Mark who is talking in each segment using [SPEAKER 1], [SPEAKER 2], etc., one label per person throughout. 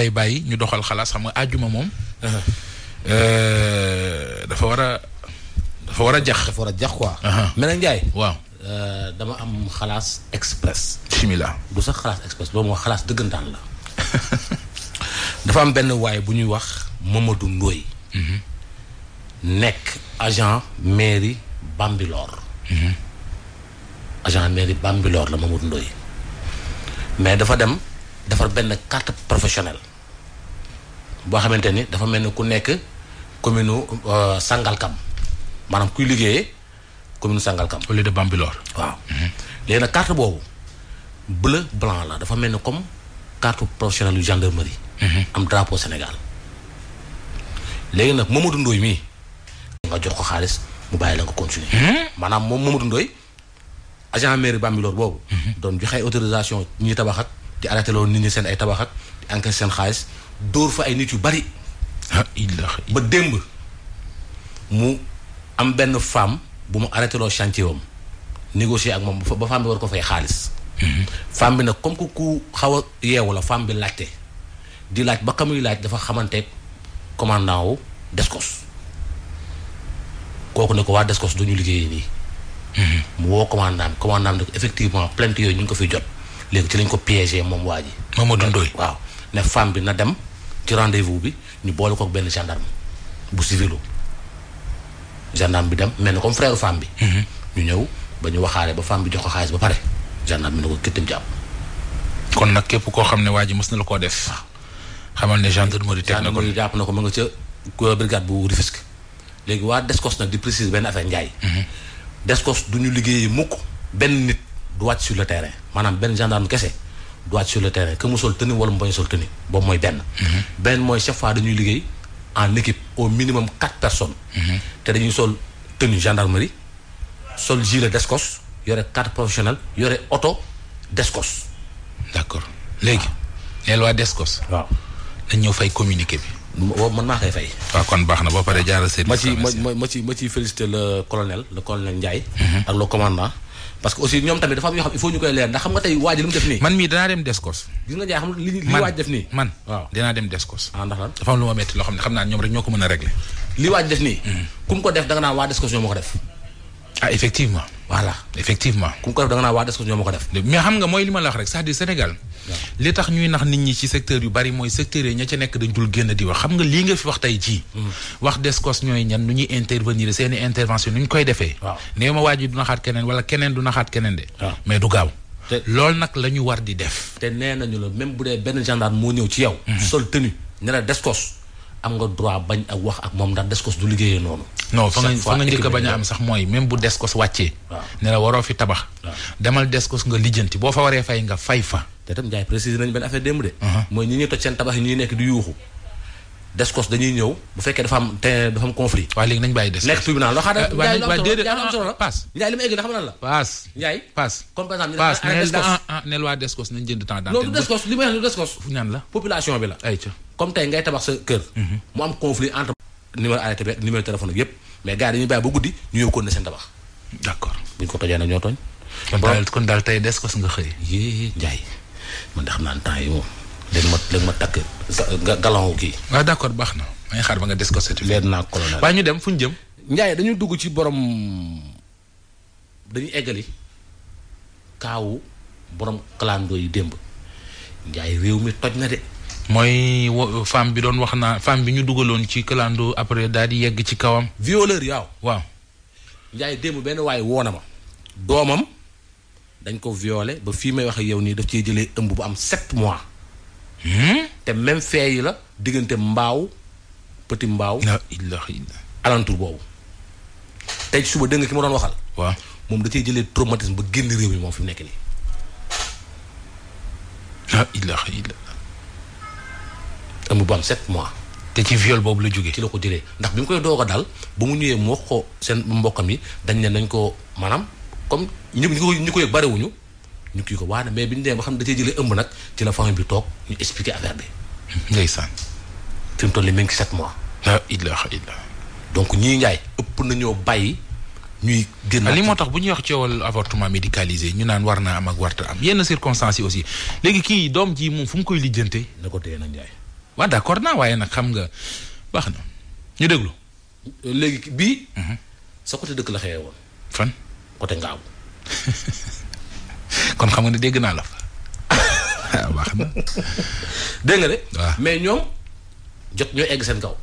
[SPEAKER 1] lay bàyyi ñu doxal xalaas xam nga àjjuma moom. Uh-huh. Euh, dafa war a dafa war a jax. dafa war a jax quoi. Uh-huh. Mena Ndiaye. waaw euh, dama am xalaas express. bismillah du sax xalaas express loolu moo xalaas dëggantaan la. dafa am benn waay bu ñuy wax Mamadou Ndoye. Mm-hmm. nekk agent mairie Bambilor. Mm-hmm. agent mairie Bambilor la Mamadou Ndoye mais dafa dem defar benn carte professionnelle. boo xamante ni dafa mel ni ku nekk commune euh, Sangalkam maanaam kuy liggéeyee commune Sangalkam. au lieu de Bambilor. waaw mhm. léegi nag carte boobu bleu blanc dafa mel ni comme carte professionnelle yu gendarmerie. Mhm. am drapeau nag Mamadou Ndoye mii nga jox ko xaalis mu bàyyi la nga continuer. Mhm. maanaam moom Mamadou Ndoye agent mairie Bambilor boobu. doon joxe autorisation ñuy tabaxat di arrêté loolu nit ñi seen ay tabaxat di encaissé seen xaalis. dóor fa ay nit yu bari ba démb mu am benn femme bu mu arrêté loo chantier am négocier ak moom ba femme bi war ko fay xaalis mhm. femme bi nag comme que ku xaw a yeewu la femme bi laajte di laaj ba ka muy laaj dafa xamante commandant wu Descos kooku ne ko waa Descos du ñu liggéeyee nii mhm. mu woo commandant commandant ne ko effectivement plainte yooyu ñu ngi ko fiy jot léegi ci lañ ko piégé moom waa ji Mamadou Ndoye waaw ne femme bi na dem ci rendez-vous bi ñu boole ko benn gendarme bu civilu gendarme bi dem mel ni comme frère femme bi. Mhm. ñu ñëw ba ñu waxaale ba femme bi jox ko xaalis ba pare gendarme bi ne ko këttam jàpp. kon nag képp koo xam ne waa ji mës na la koo def. xamal ne gendarmerie teg na ko jàpp na ko ma nga ca euh, brigade bu Rufisque léegi waa Descos nag di précise benn affaire njaay. Mhm. Descos du ñu liggéey mukk benn nit du wàcc sur le terrain maanaam benn gendarme kese. doit être sur le terrain que nous sol nous Bon, moi ben, moi, en équipe au minimum quatre personnes. Mhm. te dañuy sol tenue gendarmerie sol gilet d'escorte il carte professionnels, y professionnels, il d'accord léegi. waaw fay bi. communiquer. le colonel le colonel Ndiaye. Mhm. le commandant. parce que aussi ñoom tamit dafa am yoo xam il faut ñu koy leer ndax xam nga tey waaj li mu def nii. man mii danaa dem Descos. gis nga Ndiaye xam li li waaj def nii. man waaw dinaa dem Descos. ah ndax lan dafa am lu ma metti loo xam ne xam naa ñoom rek ñoo ko mën a régler. li waaj def nii. Mm. ku mu ko def danga naan waa des ñoom moo ko def. ah effectivement. voilà effectivement ku ko def da nga naa waa des ko ñoo ma ko def mais xam nga mooy li rek cest à Sénégal li tax ñuy nax nit ñi ci secteur yu bari mooy secteurs yi ña ca nekk dañ dul génn di wax xam nga lii nga fi wax tey jii hmm. wax descos ñooy ñan nu ñuy intervenir seeni intervention nu ñu koy defee nee ma waa ji du naxaat keneen wala keneen du naxaat keneen de mais du gaaw loolu nag la ñu war di def te nee nañu la même bu dee benn gendarme moo ñëw ci yow hmm. sol tenue ne la descos am nga droit bañ ak wax ak moom ndax Descos du liggéeyee noonu. non fa fa nga njëkk a bañ am sax mooy même bu Descos wàccee. waaw ne la waroo fi tabax. demal Descos nga lijjanti boo fa waree fay nga fay fa. te tam jaay précisé nañ benn affaire démb de. Uh-huh. mooy ñi ñuy toj seen tabax yi ñuy nekk di yuuxu. descos dañuy ñëw bu fekkee dafa am te dafa am conflit. waaw léegi nañ bàyyi des. nekk tribunal loo xam ne. Euh, waaye waaye li ma egg la xam nan la. paas Ndiaye. paas comme par exemple ni ah, ah, descos. fu ñaan la population bi yëpp mhm. mais gars yi dañuy bàyyi ba guddi ñu yëg ko ne seen tabax. d' accord bu ñu ko tojee ñoo tooñ. kon daal kon daal tey descos nga xëy. yee Ndiaye man de xam naa temps yi moom dañ ma dañ ma takk galon kii. waaw d'accord baax na may xaar ba nga des ko certifié. leer naa colonel waaye ñu dem fu ñu jëm. Ndiaye dañu dugg ci borom dañuy eggali kaawu borom clando yi démb Ndiaye réew mi toj na de. mooy wo femme bi doon wax naa femme bi ñu dugaloon ci clando après daal di yegg ci kawam. violeur yaaw waaw. Ndiaye démb benn waaye woo na ma. doomam dañ ko violé ba fii may wax ak yow nii daf cee jëlee ëmb bu am sept mois. te même fee yi la diggante mbaaw petit mbaaw. la ilaha illa alantur boobu. tey suba dégg nga ki ma doon waxal. waaw moom da cee jëlee traumatisme ba génn réew mi moom fi mu nekk nii. la ilaha illa ëmb bu am sept mois. te ci viol boobu la jógee. ci la ko jëlee ndax bi mu koy doog daal ba mu ñëwee mu wax ko seen mbokkam yi dañ leen nañ ko maanaam comme ñu ñu ko ñu ko yëg bariwuñu ñu kii ko waa nag mais bi ñu demee ba xam ne da cee jëlee ëmb nag ci la famille bi toog ñu expliquer affaire bi. ndeysaan. fi mu toll nii mi ngi sept mois. la ilaha illa ñii Ndiaye ëpp nañoo bàyyi. ñuy gën a ah, li moo tax bu ñuy wax coowal avortement médicalisé ñu naan war naa am ak warta am yenn circonstances yi aussi léegi kii doom ji moom fu mu koy lijjante. na ko téye na Ndiaye. waaw d'accord naa waaye nag xam nga baax na ñu déglu. léegi bii. Mhm. sa côté dëkk la xëyee woon. fan côté Ngaaw. kon xam nga ne dégg naa la fa waaw ah, de. waaw mais ñoom jot ñoo egg seen kaw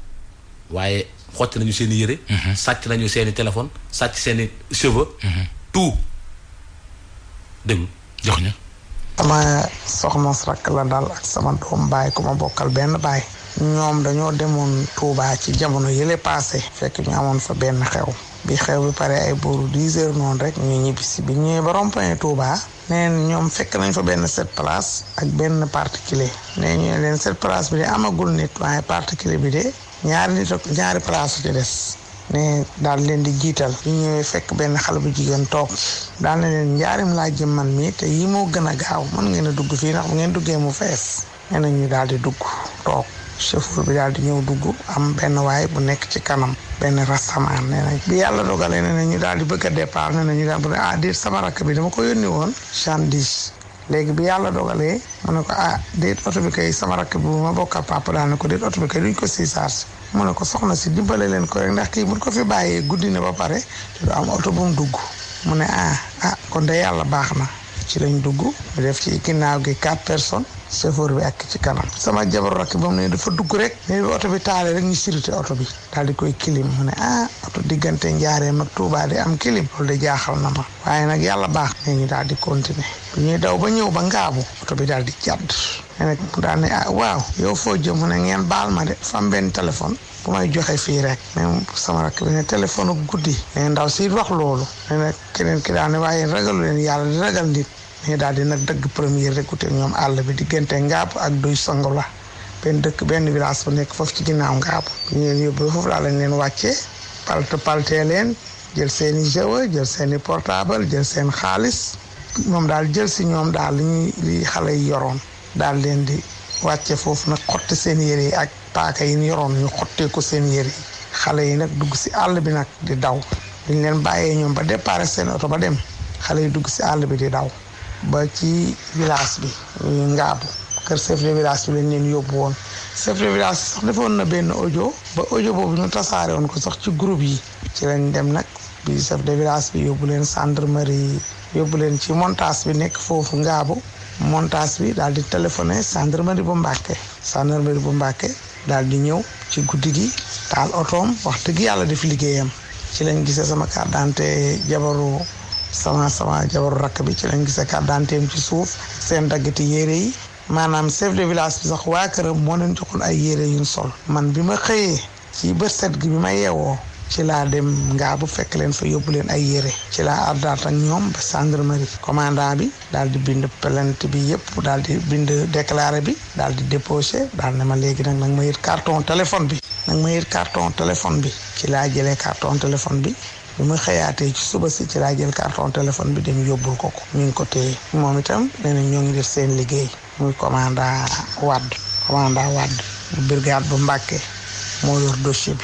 [SPEAKER 1] waaye xotti nañu seeni i yére. Mhm. sàcc nañu seeni i téléphone sàcc seen i cheveux. Mhm. tout dégg jox ñu.
[SPEAKER 2] sama soxna rakk la daal ak sama doom baay ku ma bokkal benn baay. ñoom dañoo demoon Touba ci jamono yële passé fekk ñu amoon fa benn xew. bi xew bi pare ay booru dix heures noonu rek ñu ñibbisi bi ñëwee ba rond-point nee ñoom fekk nañ fa benn set place ak benn particulier nee ñu ne leen sept place bi de amagul nit waaye particulier bi de ñaari nit ak place ci des ne daal leen di jiital ñu ñëwee fekk benn xale bu jigéen toog daal na leen njaarim laa jëm man mi te yi moo gën a gaaw mën ngeen a dugg fii ndax bu ngeen duggee mu fees nee na ñu daal di dugg toog chauffeur bi daal di ñëw dugg am benn waay bu nekk ci kanam benn rastamaan nee na bi yàlla dogalee nee na ñu daal di bëgg a départ nee na ñu bu ne ah déet bi dama ko yónni woon cent dix léegi bi yàlla dogalee mu ne ah déet oto bi kay sama rakk bu ma bokkal papa ne ko déet oto bi kay duñ ko si charge mu ne ko soxna si dimbale leen ko rek ndax kii buñ ko fi bàyyee guddi na ba pare am oto bu mu dugg mu ne ah ah kon de yàlla baax na ci lañ dugg mu def ci ginnaaw gi quatre personnes chauffeur bi ak ci kanam sama jabar rakk ba mu ne dafa dugg rek mais bi oto bi taale rek ni sirité oto bi daal di koy kilim mu ne a ah, oto diggante njaareem ak Tuubaa di am kilim loolu de jaaxal na ma waaye nag yàlla baax ne ñu daal di continuer bu daw ba ñëw ba ngaabu oto bi daal di jàdd nag mu daal ne ah, waaw yow foo jëm mu ne ngeen baal ma de fam benn téléphone bu may joxe fii rek même sama rakk bi ne téléphone guddi ne ndaw si wax loolu ne nag keneen daal ne waaye ragalu leen yàlla di ragal nit ñu daal di nag dëgg première recruté ñoom àll bi diggante ngaab ak duy sangola benn dëkk benn village bu nekk foofu ci ginnaaw ngaab ñu leen yóbbu foofu laa lañ leen wàccee palte paltee leen jël seeni jëwa jël seeni portable jël seen xaalis moom daal jël si ñoom daal li ñuy li xale yi yoroon daal leen di wàcce foofu nag xotti seen yére yi ak paaka yi yoroon ñu xottee ko seen yére yi xale yi nag dugg si àll bi nag di daw dañ leen bàyyee ñoom ba déparé seen oto ba dem xale yi dugg si àll bi di daw ba ci village bi ngaabu kër chef de village bi lañ leen yóbbu woon chef de village sax defoon na benn ojo ba audio boobu ñu tasaare woon ko sax ci groupe yi ci lañ dem nag bi chef de village bi yóbbu leen mari yóbbu leen ci montage bi nekk foofu ngaabu montage bi daal di téléphoné gendarmerie bu Mbàkke gendarmerie bu Mbàkke daal di ñëw ci guddi gi taal otoom wax dëgg yàlla def liggéeyam ci lañ gisee sama carte d'identité jabaru sama sama jabaru rakk bi ci lañ gisee carte d'identité ci suuf seen daggati yére yi maanaam chef de village bi sax waa këram moo leen joxoon ay yére yuñ sol man bi ma xëyee ci bët set gi bi ma yeewoo ci laa dem ngaa bu fekk leen fa yóbbu leen ay yére ci laa ardaat ak ñoom ba gendarmerie commandant bi daal di bind plainte bi yëpp daal di bind déclaré bi daal di déposé daal ne ma léegi nag nag ma yët carton téléphone bi nag ma yët carton téléphone bi ci laa jëlee carton téléphone bi bi muy xëyaatee ci suba si ci laa jël carton téléphone bi dem yóbbul ko ko ñu ngi ko téye moom itam nee na ñoo ngi def seen liggéey muy commandant Wade commandant Wade bu brigade bu Mbàkke moo yor dossier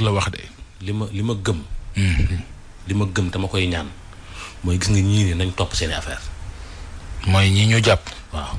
[SPEAKER 1] la wax de. li ma li ma gëm. Mm-hmm. li koy ñaan mooy gis nga ñii nañ topp seeni affaire. mooy ñi ñu jàpp waaw.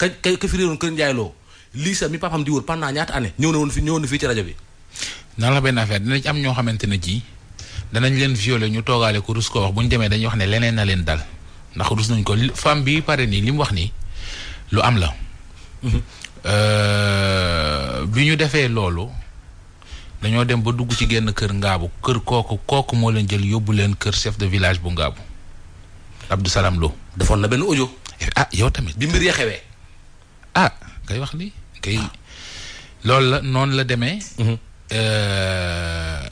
[SPEAKER 1] ka ka ka fi réeroon kër Ndiaye Lo lii sa mi papam di wër pendant ñaata année ñëw na woon fi ñëw na fii ci rajo bi. nan la benn affaire dina ci am ñoo xamante ne jii danañ leen violer ñu toogaale ko rus ko wax bu ñu demee dañuy wax ne leneen na leen dal ndax rus nañ ko femme bi pare nii li mu wax nii lu am la. Mhm. Euh, bi ñu defee loolu dañoo dem ba dugg ci genn kër ngaabu kër kooku kooku moo leen jël yóbbu leen kër chef de village bu ngaabu Abdou Salam Lo. defoon na eh, ah, yow tamit. bi mbir ah kay wax li kay ah. loolu la noonu la demee. Mhm. Euh,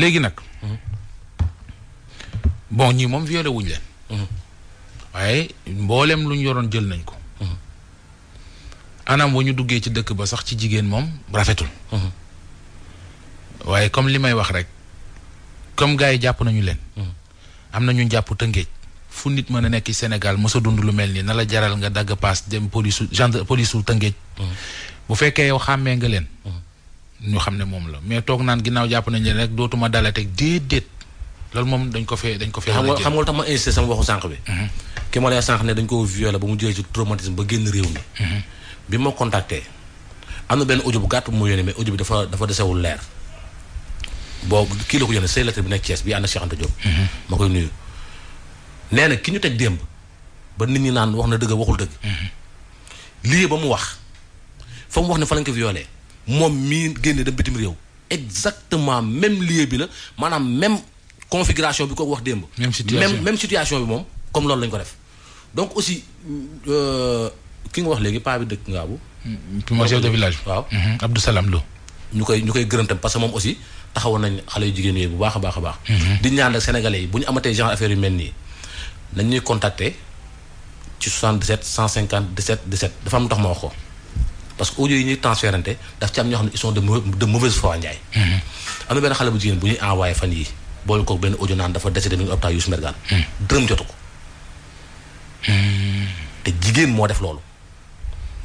[SPEAKER 1] léegi nag. Mhm. bon ñii moom violé wuñ leen. Mhm. waaye mboolem lu ñu yoroon jël nañ ko. anam wa ñu duggee ci dëkk ba sax ci jigéen moom rafetul. waaye comme li may wax rek comme gars yi jàpp nañu leen. am na ñu jàpp tëngéej. fu nit mën a nekk Sénégal mos a dund lu mel nii na la jaral nga dagg paas dem polisu gendre polisu Tëngéej. Mm. bu fekkee yow xàmmee nga leen. Mm. ñu xam ne moom la mais toog naan ginnaaw jàpp nañ leen rek dootuma dalateeg déedéet loolu moom dañ ko fee dañ ko fee. xam nga xam nga lu tax ma insisté sama waxu sànq bi. Mm-hmm. ki ma lay sànq ne dañ ko violé ba mu jëlee ci traumatisme ba génn réew mi. Mm-hmm. bi ma contacté am na benn audio bu gàtt bu mu yónnee mais audio bi dafa dafa desewul leer. boo kii la ko yónnee say lettre bi nekk Thiès bi ànd ak Cheikh Anta Diop. Mm-hmm. ma nee ki ñu ba nit ñi naan dëgg waxul dëgg. ba mu wax wax fa lañ ko violé dem bitim exactement même lieu bi la même configuration bi même situation même situation comme loolu lañ ko donc aussi euh, ki nga wax léegi nous, bi dëkk Ngaabu.
[SPEAKER 3] nous, mm, chef
[SPEAKER 1] de village. waaw mm-hmm. Abdou Salam Lo. nous, parce que aussi nañ yu bu nañ ñuy contacter ci 77 150 17 17 dafa am tax ma wax ko parce que audio yi ñuy transférante daf ci am ñoo xam ne ils sont de de mauvaise foi Ndiaye. Mm-hmm. am na benn xale bu jigéen bu ñuy envoyé fan yii boole koog benn audio naan dafa décédé mi ngi hôpital Youssou Mergane. Mm. dërëm jotu ko. Mm. te jigéen moo def loolu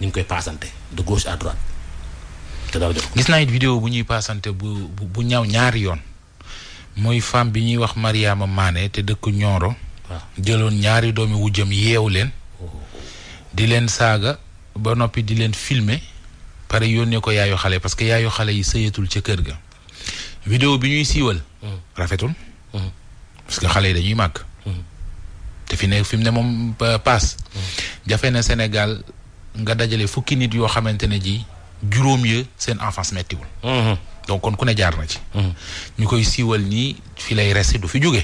[SPEAKER 1] ñu ngi koy paasante de gauche à droite gis naa it vidéo bu ñuy paasante bu bu ñaw ñaari yoon mooy femme bi ñuy wax Mariama Mané te dëkk Nioro. waaw jëloon ñaari doomi wujjam yeewu leen di leen saaga ba noppi di leen filmer pare ne ko yaayu xale parce que yaayu xale yi sëyatul ca kër ga vidéo bi ñuy siiwal rafetul parce que xale yi dañuy màgg te fi ne fi mu ne moom paas jafe na Sénégal nga dajale fukki nit yoo xamante ne ji juróom ya seen enfance mettiwul mm-hmm. donc kon ku ne jaar na ci mm-hmm. ñu koy siiwal nii fi lay reste du fi jóge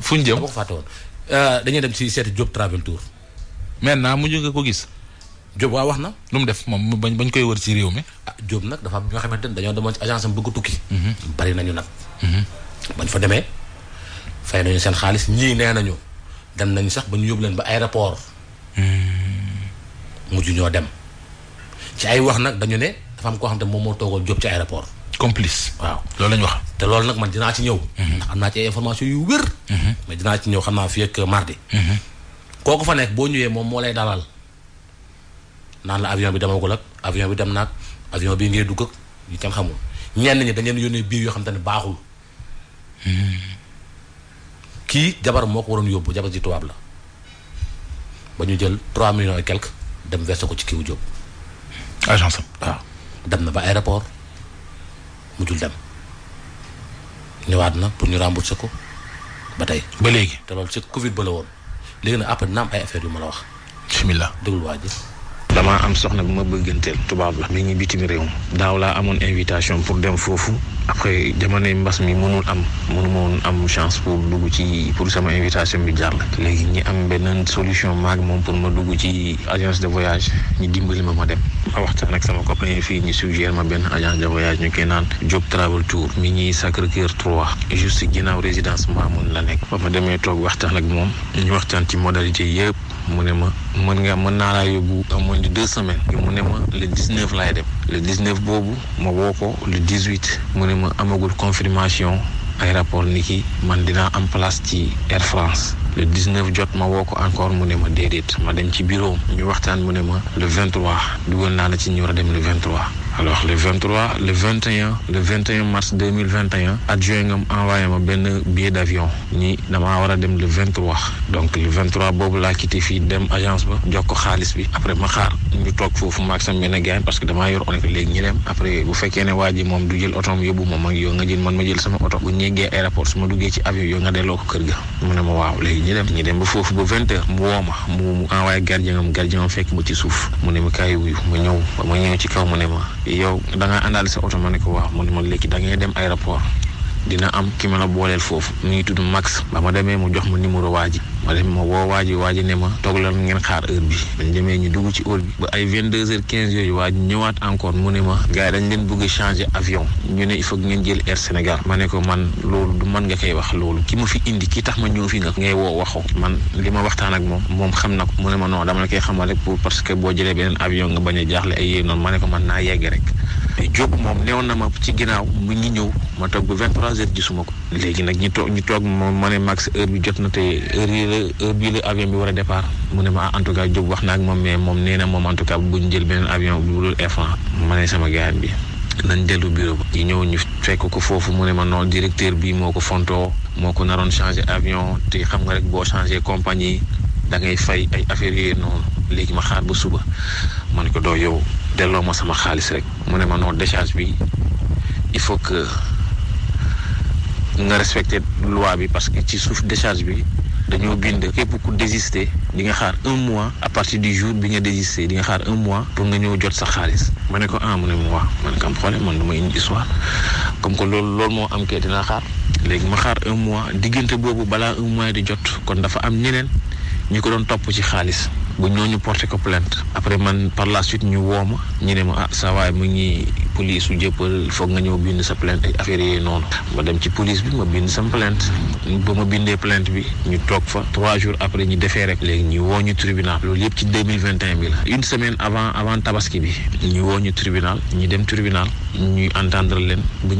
[SPEAKER 1] fu ñu jëm euh, dañuy dem ci seeti Diop Travel Tour. maintenant mu ñu nga ko gis. Diop waa wax na. lu mu def moom mu bañ bañ koy wër ci réew mi. ah Diop nag dafa am ñoo xamante ne dañoo demoon ci agence am bëgg tukki. Mhm. bari nañu nag. Mhm. bañ fa demee fay nañu seen xaalis ñii nee nañu dem nañ sax ba ñu yóbbu leen ba aéroport. Hmm. mujj ñoo dem. ci ay wax nag dañu ne dafa am koo xam ne moom moo toogoon Diop ci aéroport. complice waaw loolu la ñu wax. te loolu nag man dinaa ci ñëw. Mhm. am naa ci information yu wér. Mhm. mais dinaa ci ñëw xam naa fi ak mardi. Mhm. kooku fa nekk boo ñëwee moom moo lay dalal naan la avion bi demagul ak avion bi dem nag avion bi ngay dugg ak ñu kenn xamul ñenn ñi dañ leen yónnee biir yoo xam te ne baaxul. kii jabar moo ko waroon yóbbu jabar ji tubaab la ba ñu jël trois millions et quelque dem verser ko ci kiw Jóob agence am waaw dem na ba aéroport. mujjul dem ñëwaat na pour ñu rembourser ko ba tey. ba léegi te loolu ci Covid ba la woon léegi nag après na ay affaires yu ma la wax. bismillah déglu waa ji. damaa am soxna bi ma bëgganteel tubaab la mi ngi bitim réew daaw laa amoon invitation pour dem foofu après jamonoy mbas mi mënul am mënu moon am chance pour dugg ci pour sama invitation bi jàll léegi ñi am beneen solution maag moom pour ma dugg ci agence de voyage ñu dimbali ma ma dem ma waxtaan ak sama copain fii ñu suggère ma benn agence de voyage ñu koy naan Job Travel Tour mi ñuy Sacré-Cœur 3 juste ginnaaw résidence Mamoun la nekk ba ma demee toog waxtaan ak moom ñu waxtaan ci modalité yëpp mu ne ma nga mën naa deux semaines le 19 lay le 19 boobu ma le 18 mu ne ma amagul confirmation aéroport ni ki man place ci Air France le 19 jot ma encore mu ne ma déedéet ci bureau ñu waxtaan mu le 23 dugal naa le 23 alors le 23 le 21 le 21 mars 2021 adjoint ngam envoyé un billet d'avion ni damaa war a dem le 23 donc le 23 boobu la quitté fii dem agence ba jox ko bi après ma xaar ñu toog foofu maag sama benn gain parce que damaa yor onek léegi ñu dem après bu faites ne waa ji moom du jël otoom yóbbu ma mag yow nga jël man ma jël sama oto bu ñu aéroport su ma duggee ci avion yow nga delloo ko kër ga mu ne ma waaw léegi ñu dem ñu dem ba mu ma mu mu envoyé gardien on gardien ngam fekk ma ci suuf mu ne ma wuyu ma ñëw ma ñëw ci kaw ma yow danga ngaa àndaale sa oto ma ne ko waaw mu ne ma léegi da ngay dem aéroport dina am ki ma la booleel foofu mi ngi tudd Max ba ma demee mu jox ma numéro waa ji ma dem ma woo waa ji waa ji ne ma tooglal ngeen xaar bi dañ demee ñu dugg ci heure ay vingt deux heures quinze yooyu waa ji ñëwaat encore mu leen bëgg changer avion ñu ne il faut ngeen jël Air Sénégal ma ne ko man loolu du man nga koy wax loolu ki ma fi indi ki tax ma ñëw fi nga ngay woo waxoo man li ma waxtaan ak moom moom xam na ko mu ne ma non dama la koy xamal rek pour parce que boo jëlee beneen avion nga bañ a jaaxle ay naa yegg rek mais Diop na ma ci ginnaaw mu ngi ñëw ma toog ba vingt trois trois heures gisuma ko. léegi nag ñu toog ñu toog ma ne max heure bi jot na te heure yi la heure avion bi war a départ mu ne ma en tout cas Diop wax na ak moom mais moom nee na moom en tout cas bu ñu jël beneen avion bu dul Air France ma sama gars bi. nañ dellu bureau ba. ñu ñëw ñu fekk ko foofu mu ne ma non directeur bi moo ko fontoo moo ko naroon changé avion te xam nga rek boo changé compagnie da ngay fay ay affaires yooyu noonu léegi ma xaar ba suba ma ne ko doo yow delloo ma sama xaalis rek mu ne ma non décharge bi nga respecté loi bi parce que ci suuf décharge bi dañoo bind képp ku désister di nga xaar un mois à partir du jour bi nga désister di nga xaar un mois pour nga ñëw jot sa xaalis ma ne ko ah mu ne mu wax ma ne ko am problème man dama indi histoire comme que loolu loolu moo am kay dina xaar léegi ma xaar un mois diggante boobu balaa un mois di jot kon dafa am ñeneen ñi ko doon topp ci xaalis bu ñooñu porté ko plainte après man par la suite ñu woo ma ñu ne ma ah saa waay mu ngi police su nga sa plainte dem police bi plainte ba ma plainte bi trois jours après ñu defee rek ñu tribunal ci 2021 une semaine avant avant tabaski bi ñu au tribunal ñu dem tribunal ñuy entendre leen ba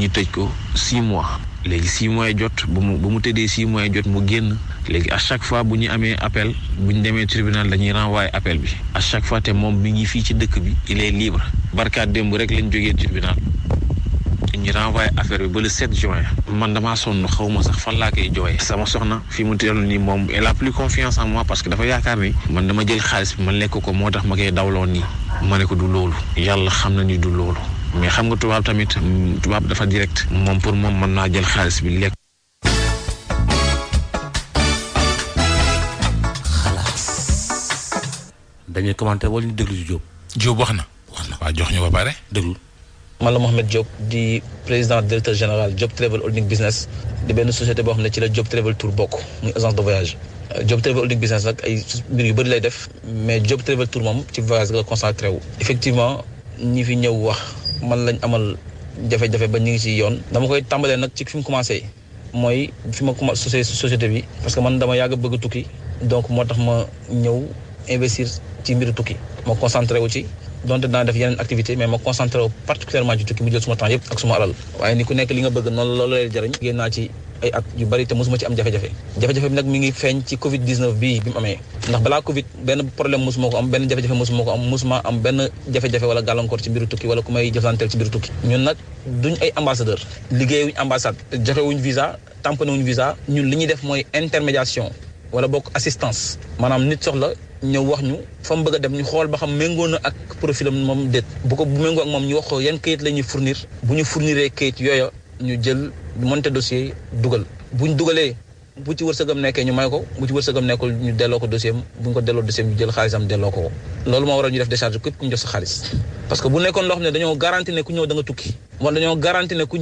[SPEAKER 1] six mois. léegi six mois jot bu mu bu mu tëddee six mois jot mu génn léegi à chaque fois bu ñu amee appel bu ñu demee tribunal dañuy renvoyé appel bi à chaque fois te moom bi ngi fii ci dëkk bi il est libre barkaat démb rek lañ jógee tribunal ñu renvoyé affaire bi ba le 7 juin man damaa sonn xaw ma sax fan laa koy jooyee sama soxna fi mu teelu nii moom elle a plus confiance en moi parce que dafa yaakaar ni man dama jël xaalis bi ma lekk ko moo tax ma koy dawloo nii ma ne ko du loolu yàlla xam na ni du loolu mais xam nga tubaab tamit tubaab dafa direct moom pour moom mën naa jël xaalis bi lekk. xalaas. dañuy commenté wala ñu déglu si Diop. Diop wax na.
[SPEAKER 3] wax na waaw jox ñu ba pare déglu. man la Mohamed Diop di président directeur général Diop Travel Holding Business di benn société boo xam ne ci la Diop Travel Tour bokk muy agence de voyage. Job euh, Travel Holding Business nag ay mbir yu bëri lay def mais Job Travel Tour moom ci voyage la concentré wu. effectivement ñi fi ñëw wax man lañ amal jafe-jafe ba ñu ngi ci yoon dama koy tàmbalee nag ci fim mu commencé mooy fi ma commencé société bi parce que man dama yàgg bëgg tukki donc moo tax ma ñëw investir ci mbiru tukki ma concentré wu ci donte dinaa def yeneen activité mais ma concentré wu particulièrement ci tukki mu jël suma temps yëpp ak suma alal waaye ni ku nekk li nga bëgg noonu loolu lay jëriñ génn naa ci ay at yu am jafe-jafe nag mi ngi feeñ ci covid 19 bii bi amee ndax balaa covid benn problème mosuma ko am benn jafe-jafe mosuma ko mosuma am benn jafe-jafe ci mbiru tukki wala ku may jëflanteel ci mbiru tukki ñun nag duñ ay ambassadeur liggéeyuñ ambassade joxewuñ visa tamponné wuñ visa ñun li ñuy def mooy intermédiation wala bokk assistance maanaam nit soxla ñëw wax ñu fa mu bëgg dem ñu xool ba xam méngoo na ak profilam moom déet bu ko bu méngoo ak moom ñu wax ko yan kayit la ñuy fournir bu ñu fourniree kayit yooya ñu jël monté dossier yi dugal ñu dugalee bu ci wërsëgam nekkee ñu may ko bu ci wërsëgam nekkul ñu delloo ko dossier am bu ñu ko delloo dossier am ñu jël xaalisam delloo ko ko loolu moo waral ñu def décharge képp ku ñu jox sa xaalis parce que bu nekkoon loo xam garanti ne ku nga tukki wala dañoo garanti ku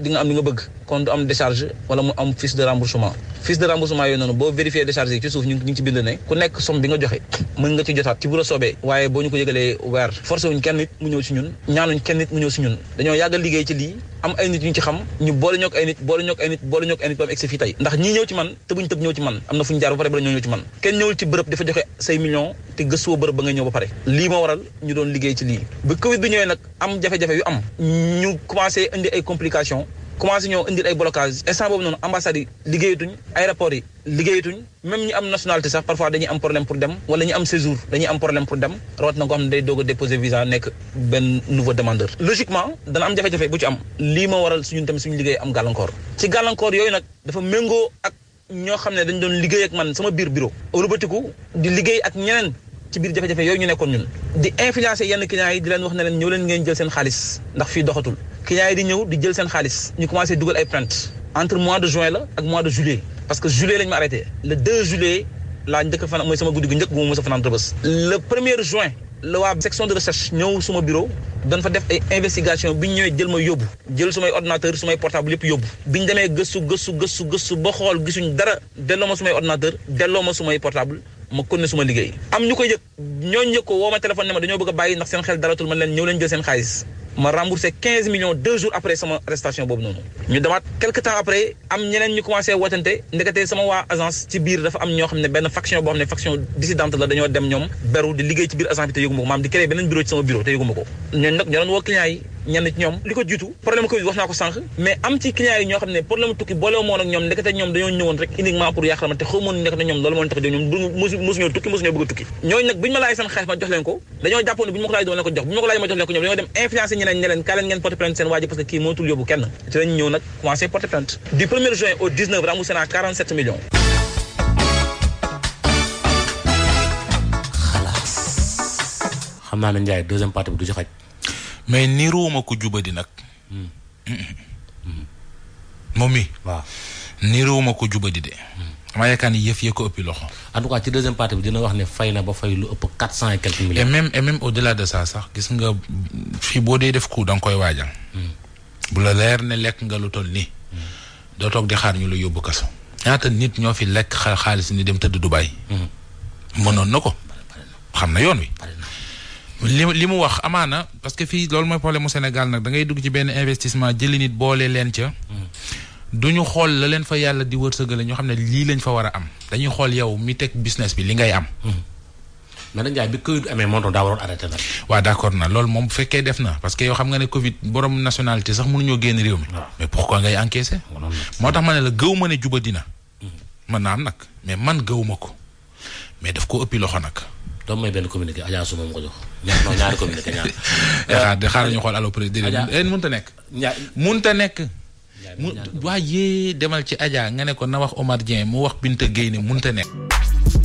[SPEAKER 3] di nga am li nga bëgg kon du am décharge wala mu am fiche de remboursement fiche de remboursement yooyu noonu boo vérifier décharge yi ci suuf ñu ngi ci bind ne ku nekk somme bi nga joxe mën nga ci jotaat ci bu soobee waaye boo ñu ko yëgalee weer forcé wuñ kenn nit mu ñëw si ñun ñaanuñ kenn nit mu ñëw si ñun dañoo yàgg liggéey ci lii am ay nit ñu ci xam ñu boole ñook ay nit boole ñook ay nit boole ñook ay nit ba mu egsi fii tey ndax ñii ñëw ci man te buñu tëb ñëw ci man am na fu ñu jaar ba pare bala ñoo ñëw ci man kenn ñëwul ci bërëb dafa joxe say millions te oo bërëb ba ngay ñëw ba pare lii moo waral ñu doon liggéey ci lii bi covid bi ñëwee nag am jafe-jafe yu am ñu commencé indi ay complications commencé ñoo indil ay blocage instant boobu noonu ambassades yi liggéeyatuñ aéroports yi liggéeyatuñ même ñi am nationalité sax parfois dañuy am problème pour dem wala ñi am séjour dañuy am problème pour dem rawat na ko xam ne day doog a déposer am jafe bu ci am lii moo waral suñu tamit suñu liggéey am gàllankoor ci gàllankoor yooyu nag dafa méngoo ak ñoo xam ne dañ doon liggéey ak man sama biir bureau rubatiku di liggéey ak ñeneen ci biir jafe-jafe yooyu ñu nekkoon ñun di influencer yenn clients yi di leen wax ne leen ñëw leen ngeen jël seen xaalis ndax fii doxatul clients yi di ñëw di jël seen xaalis ñu commencé dugal ay plainte entre mois de juin la ak mois de juillet parce que juillet lañ ma arrêté le 2 juillet laa njëkk fan mooy sama guddi gu njëkk bu ma mos a fanaan Rebeuss le premier juin la waa section de recherche ñëw suma bureau dañ fa def ay investigation bi ñu ñëwee jël ma yóbbu jël sumay ordinateur sumay portable yëpp yóbbu biñ ñu demee gëstu gëstu gëstu gëstu ba xool gisuñ dara delloo ma sumay ordinateur delloo ma sumay portable ma continué suma liggéey am ñu koy yëg ñooñu yëg ko woo ma téléphone ne ma dañoo bëgg a bàyyi ndax seen xel daratul man leen ñëw leen jël seen xaalis ma remboursé 15 millions deux jours après mon arrestation Quelques temps après am ñeneen ñu commencé wotante ndekete sama wa agence ci biir dafa am ño ne faction faction dissidente la dem di liggéey ci agence bi bureau bureau ñenn ci ñoom li ko jiitu problème koy wax naa ko sànq mais am ci client yi ñoo xam ne problème tukki boole moon ak ñoom ndekete ñoom dañoo ñëwoon rek uniquement pour yàqal ma te xaw moon ndekete ñoom loolu a tukki ñooñu nag bi xam
[SPEAKER 1] naa na Ndiaye deuxième partie bi du ci xaj mais niruwuma ko juba di nag. Hmm. Hmm. moom mi waaw niruwuma ko jubadi de. Hmm. ma yaakaar ni yëf yee ko ëppi loxo. en tout cas ci deuxième partie bi dina wax ne fay na ba fay lu ëpp cent et quelques millions. et même et même au de ça sax gis nga fii boo dee def ku da koy waajal. bu la leer ne lekk nga lu toll nii. doo toog di xaar ñu la yóbbu kaso. ñaata nit ñoo fi lekk xaalis ni dem tëdd Dubaay. mënoon na ko. xam na yoon wi. li li mu wax que problème Sénégal da ngay dugg investissement nit la fa yàlla di wërsëgale xam ne lañ fa a am dañuy yow business bi li ngay am. Hmm. mais nag bi Covid arrêté na def na parce que xam nga Covid borom nationalité sax réew mais pourquoi ngay encaissé. moo tax la gëw dina. Hmm. mais man suis mais daf ko ëppi loxo dama may benn communiqué Adja Sow moom ko jox ñaar non ñaari communiqué ñaar. xaar de xaar ñu xool allo président. Adja déedéet eh, nekk. ñaar mënut a nekk. mu waa yee demal ci Adja nga ne ko na wax Omar Dieng mu wax Binta Guèye ne mënut a nekk.